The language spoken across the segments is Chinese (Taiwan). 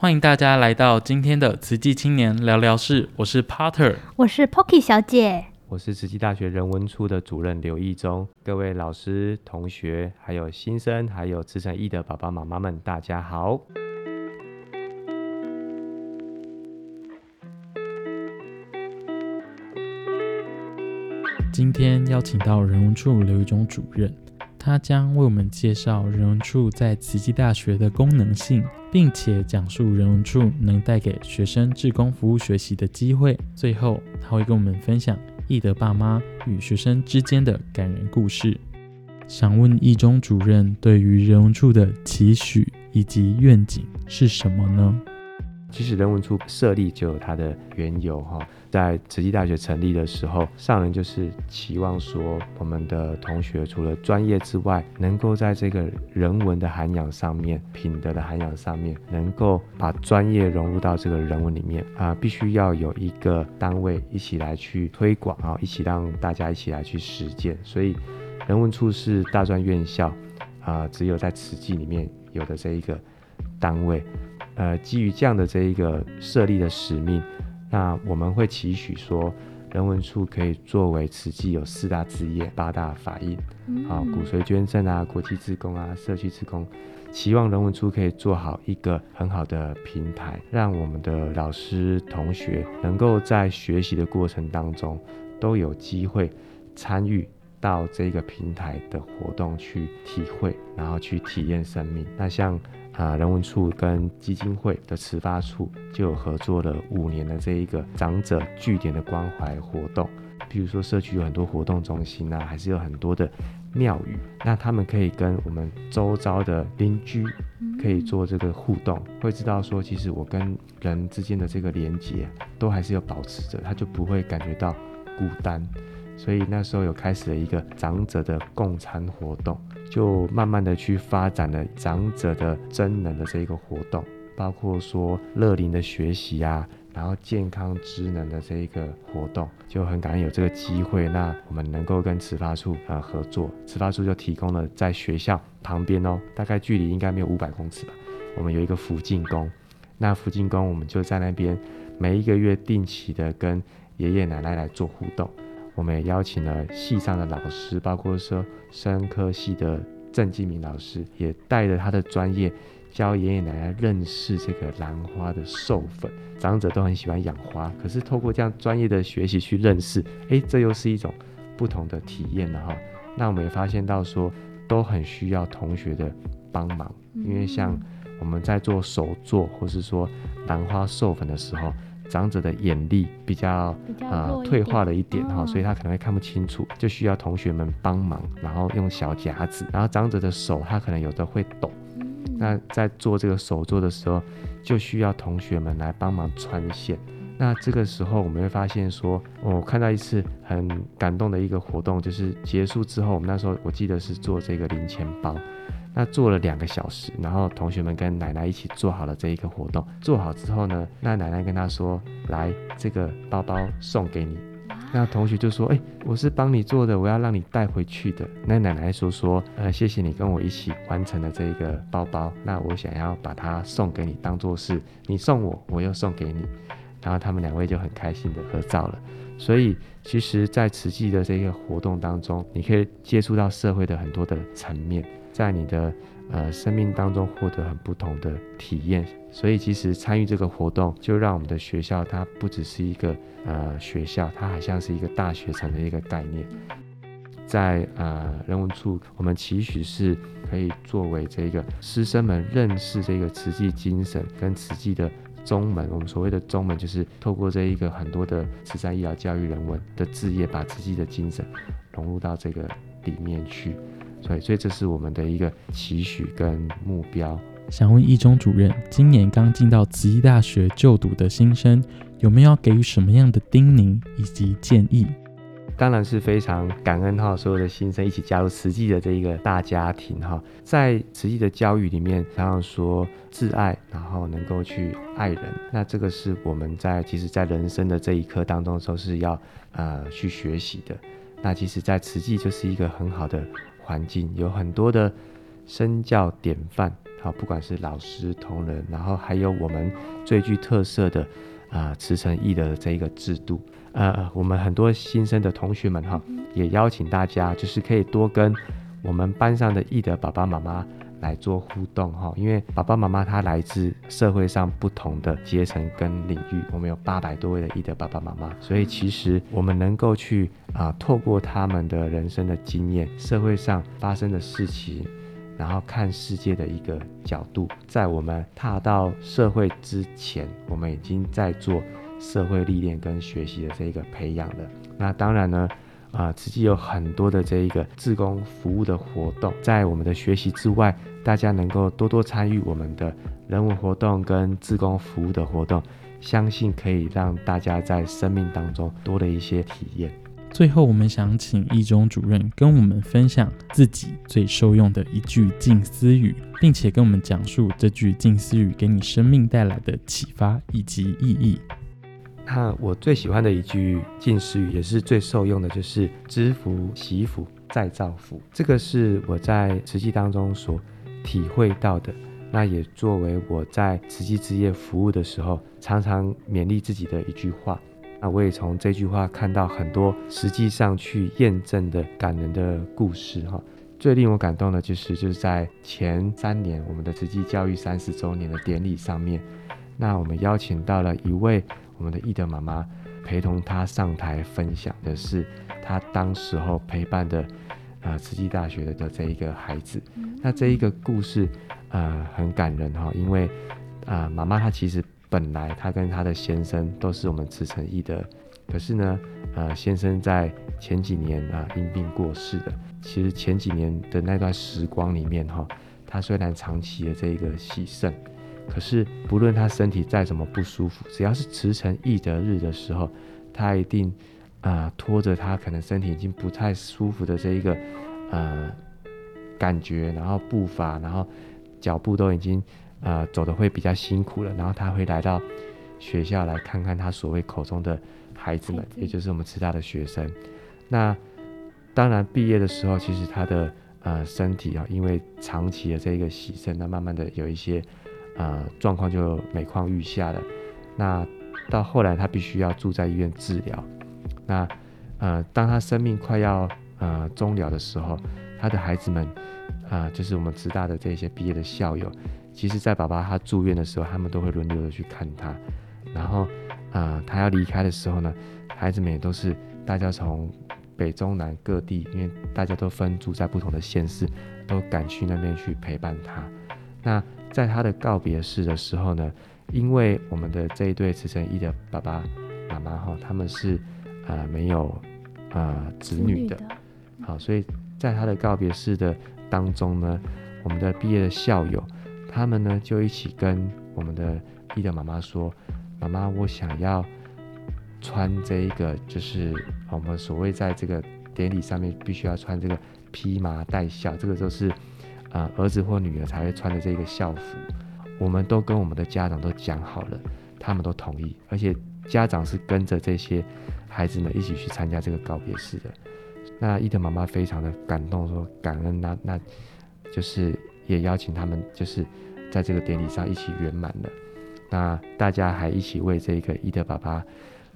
歡迎大家來到今天的慈濟青年聊聊室，我是 Potter，我是 Pocky 小姐，我是慈濟大學人文處的主任劉議鍾。各位老師、同學，還有新生，還有慈誠一的爸爸媽媽們，大家好。今天邀請到人文處劉議鍾主任，他將為我們介紹人文處在慈濟大學的功能性。並且講述人文處能帶給學生志工服務學習的機會。最後，他會跟我們分享懿德爸媽與學生之間的感人故事。想問議鍾主任，對於人文處的期許以及願景是什麼呢？其實人文處設立就有它的緣由哈，在慈濟大學成立的時候，上人就是期望說，我們的同學除了專業之外，能夠在這個人文的涵養上面、品德的涵養上面，能夠把專業融入到這個人文裡面啊，必須要有一個單位一起來去推廣啊，一起讓大家一起來去實踐。所以人文處是大專院校啊，只有在慈濟裡面有的這一個單位。呃，基於這樣的這一個設立的使命，那我們會期許說，人文處可以作為慈濟有四大志業、八大法印，好，骨髓捐贈啊，國際志工啊，社區志工，期望人文處可以做好一個很好的平台，讓我們的老師同學能夠在學習的過程當中都有機會參與。到這個平台的活動去體會，然後去體驗生命。那像啊、呃、人文處跟基金會的慈發處就有合作了五年的這一個長者據點的關懷活動。比如說社區有很多活動中心啊，還是有很多的廟宇，那他們可以跟我們周遭的鄰居可以做這個互動，會知道說其實我跟人之間的這個連結、啊、都還是有保持着，他就不會感覺到孤單。所以那時候有開始了一個長者的共餐活動，就慢慢的去發展了長者的真能的這個活動，包括說樂齡的學習啊，然後健康知能的這一個活動，就很感恩有這個機會。那我們能夠跟慈發處啊、呃、合作，慈發處就提供了在學校旁邊哦，大概距離應該沒有五百公尺吧。我們有一個福進宮，那福進宮我們就在那邊，每一個月定期的跟爺爺奶奶來做互動。我們也邀請了系上的老師，包括說生科系的鄭繼明老師，也帶着他的專業教爺爺奶奶認識這個蘭花的授粉。長者都很喜歡養花，可是透過這樣專業的學習去認識，誒、欸，這又是一種不同的體驗了哈。那我們也發現到說，都很需要同學的幫忙，因為像我們在做手作或是說蘭花授粉的時候。長者的眼力比較啊，較呃、退化了一點哈，嗯、所以他可能會看不清楚，就需要同學們幫忙，然後用小夾子。然後長者的手他可能有的會抖，嗯、那在做這個手作的時候，就需要同學們來幫忙穿線。那這個時候我們會發現說、哦，我看到一次很感動的一個活動，就是結束之後，我們那時候我記得是做這個零錢包。那做了兩個小時，然後同學們跟奶奶一起做好了這一個活動。做好之後呢，那奶奶跟他說：“來，這個包包送給你。”那同學就說：“哎、欸，我是幫你做的，我要讓你帶回去的。”那奶奶說：“說呃，謝謝你跟我一起完成了這一個包包，那我想要把它送給你當作是，當做是你送我，我又送給你。”然後他們兩位就很開心的合照了。所以，其實，在慈濟的這個活動當中，你可以接觸到社會的很多的層面。在你的呃生命當中獲得很不同的體驗，所以其實參與這個活動，就讓我們的學校，它不只是一個呃學校，它還像是一個大學城的一個概念。在呃人文處，我們其實是可以作為這個師生們認識這個慈濟精神跟慈濟的宗門。我們所謂的宗門，就是透過這一個很多的慈善、醫療、教育、人文的志業，把慈濟的精神融入到這個裡面去。所以，所以這是我們的一個期許跟目標。想問一鍾主任，今年剛進到慈濟大學就讀的新生，有沒有給予什麼樣的叮嚀以及建議？當然是非常感恩哈，所有的新生一起加入慈濟的這一個大家庭哈。在慈濟的教育裡面，常常說自愛，然後能夠去愛人，那這個是我們在其實在人生的這一刻當中都是要呃去學習的。那其實在慈濟就是一個很好的。環境有很多的身教典範，好，不管是老師、同仁，然後還有我們最具特色的啊、呃，慈誠義德的這一個制度，呃，我們很多新生的同學們哈，也邀請大家就是可以多跟我們班上的義德爸爸媽媽來做互動哈，因為爸爸媽媽他來自社會上不同的階層跟領域，我們有八百多位的懿德、e、的爸爸媽媽，所以其實我們能夠去啊、呃，透過他們的人生的經驗，社會上發生的事情，然後看世界的一個角度，在我們踏到社會之前，我們已經在做社會歷練跟學習的這一個培養了。那當然呢，啊、呃，自己有很多的這一個志工服務的活動，在我們的學習之外。大家能夠多多參與我們的人文活動跟志工服務的活動，相信可以讓大家在生命當中多了一些體驗。最後，我們想請議鍾主任跟我們分享自己最受用的一句靜思語，並且跟我們講述這句靜思語給你生命帶來的啟發以及意義。那我最喜歡的一句靜思語，也是最受用的，就是“知福、惜福、再造福”。這個是我在慈濟當中所。體會到的，那也作為我在慈濟志業服務的時候，常常勉勵自己的一句話。那我也從這句話看到很多實際上去驗證的感人的故事哈。最令我感動的，就是就是在前三年我們的慈濟教育三十週年的典禮上面，那我們邀請到了一位我們的懿德媽媽，陪同她上台分享的是她當時候陪伴的。啊、呃，慈濟大學的這一個孩子，嗯、那這一個故事啊、呃，很感人哈。因為啊，媽、呃、媽她其實本來她跟她的先生都是我們慈誠義德，可是呢，呃，先生在前幾年啊、呃、因病過世的。其實前幾年的那段時光裡面哈，她雖然長期的這個洗腎，可是不論她身體再怎麼不舒服，只要是慈誠義德日的時候，她一定。啊、呃，拖着他可能身體已經不太舒服的這一個呃感覺，然後步伐，然後腳步都已經呃走的會比較辛苦了，然後他會來到學校來看看他所謂口中的孩子們，子也就是我們慈大的學生。那當然畢業的時候，其實他的呃身體啊，因為長期的這個犧牲，那慢慢的有一些呃狀況就每況愈下了。那到後來他必須要住在醫院治療。那，呃，當他生命快要呃終了的時候，他的孩子們，啊、呃，就是我們慈大的這些畢業的校友，其實，在爸爸他住院的時候，他們都會輪流的去看他。然後，啊、呃，他要離開的時候呢，孩子們也都是大家從北中南各地，因為大家都分住在不同的縣市，都趕去那邊去陪伴他。那在他的告別式的時候呢，因為我們的這一對慈誠懿的爸爸、媽媽哈，他們是。啊、呃，沒有啊、呃，子女的，女的好，所以在他的告別式的當中呢，我們的畢業的校友，他們呢就一起跟我們的伊德媽媽說：“媽媽，我想要穿這一個，就是我們所謂在這個典禮上面必須要穿這個披麻戴孝，這個就是啊、呃、兒子或女兒才會穿的這個孝服。”我們都跟我們的家長都講好了，他們都同意，而且家長是跟着這些。孩子們一起去參加這個告別式的，那伊德媽媽非常的感動說，說感恩那那，就是也邀請他們，就是在這個典禮上一起圓滿了。那大家還一起為這個伊德爸爸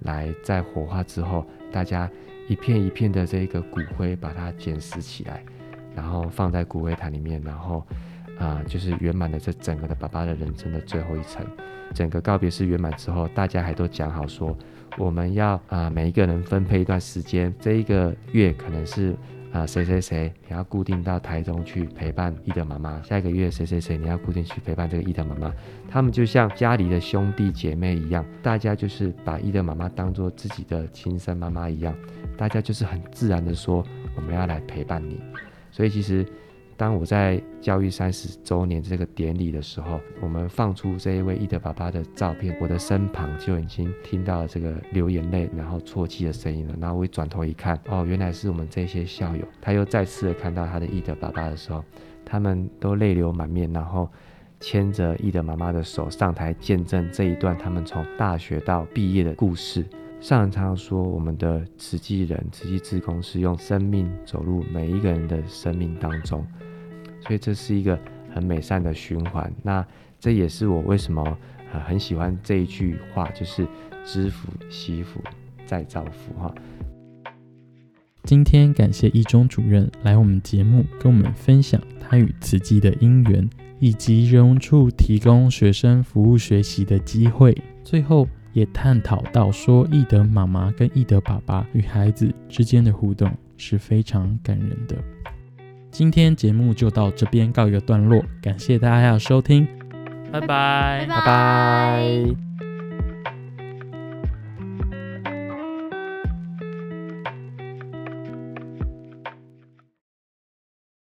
來，在火化之後，大家一片一片的這個骨灰把它撿拾起來，然後放在骨灰罈裡面，然後。啊，就是圓滿了這整個的爸爸的人生的最後一程。整個告別式圓滿之後，大家還都講好說，我們要啊每一個人分配一段時間，這一個月可能是啊誰誰誰你要固定到台中去陪伴伊德媽媽，下一個月誰誰誰你要固定去陪伴這個伊德媽媽。他們就像家裡的兄弟姐妹一樣，大家就是把伊德媽媽當做自己的親生媽媽一樣，大家就是很自然的說，我們要來陪伴你，所以其實。當我在教育三十周年這個典禮的時候，我們放出這一位懿德爸爸的照片，我的身旁就已經聽到了這個流眼淚，然後啜泣的聲音了。然後我一轉頭一看，哦，原來是我們這些校友，他又再次的看到他的懿德爸爸的時候，他們都淚流滿面，然後牽着懿德媽媽的手上台見證這一段他們從大學到畢業的故事。上人常常說，我們的慈濟人、慈濟志工是用生命走入每一個人的生命當中。所以這是一個很美善的循環。那這也是我為什麼、呃、很喜歡這一句話，就是知福“知福惜福，再造福”哈、啊。今天感謝一鍾主任來我們節目，跟我們分享他與慈濟的因緣，以及人文處提供學生服務學習的機會。最後也探討到說，懿德媽媽跟懿德爸爸與孩子之間的互動是非常感人的。今天節目就到這邊告一個段落，感謝大家還有收聽，拜拜，拜拜。拜拜。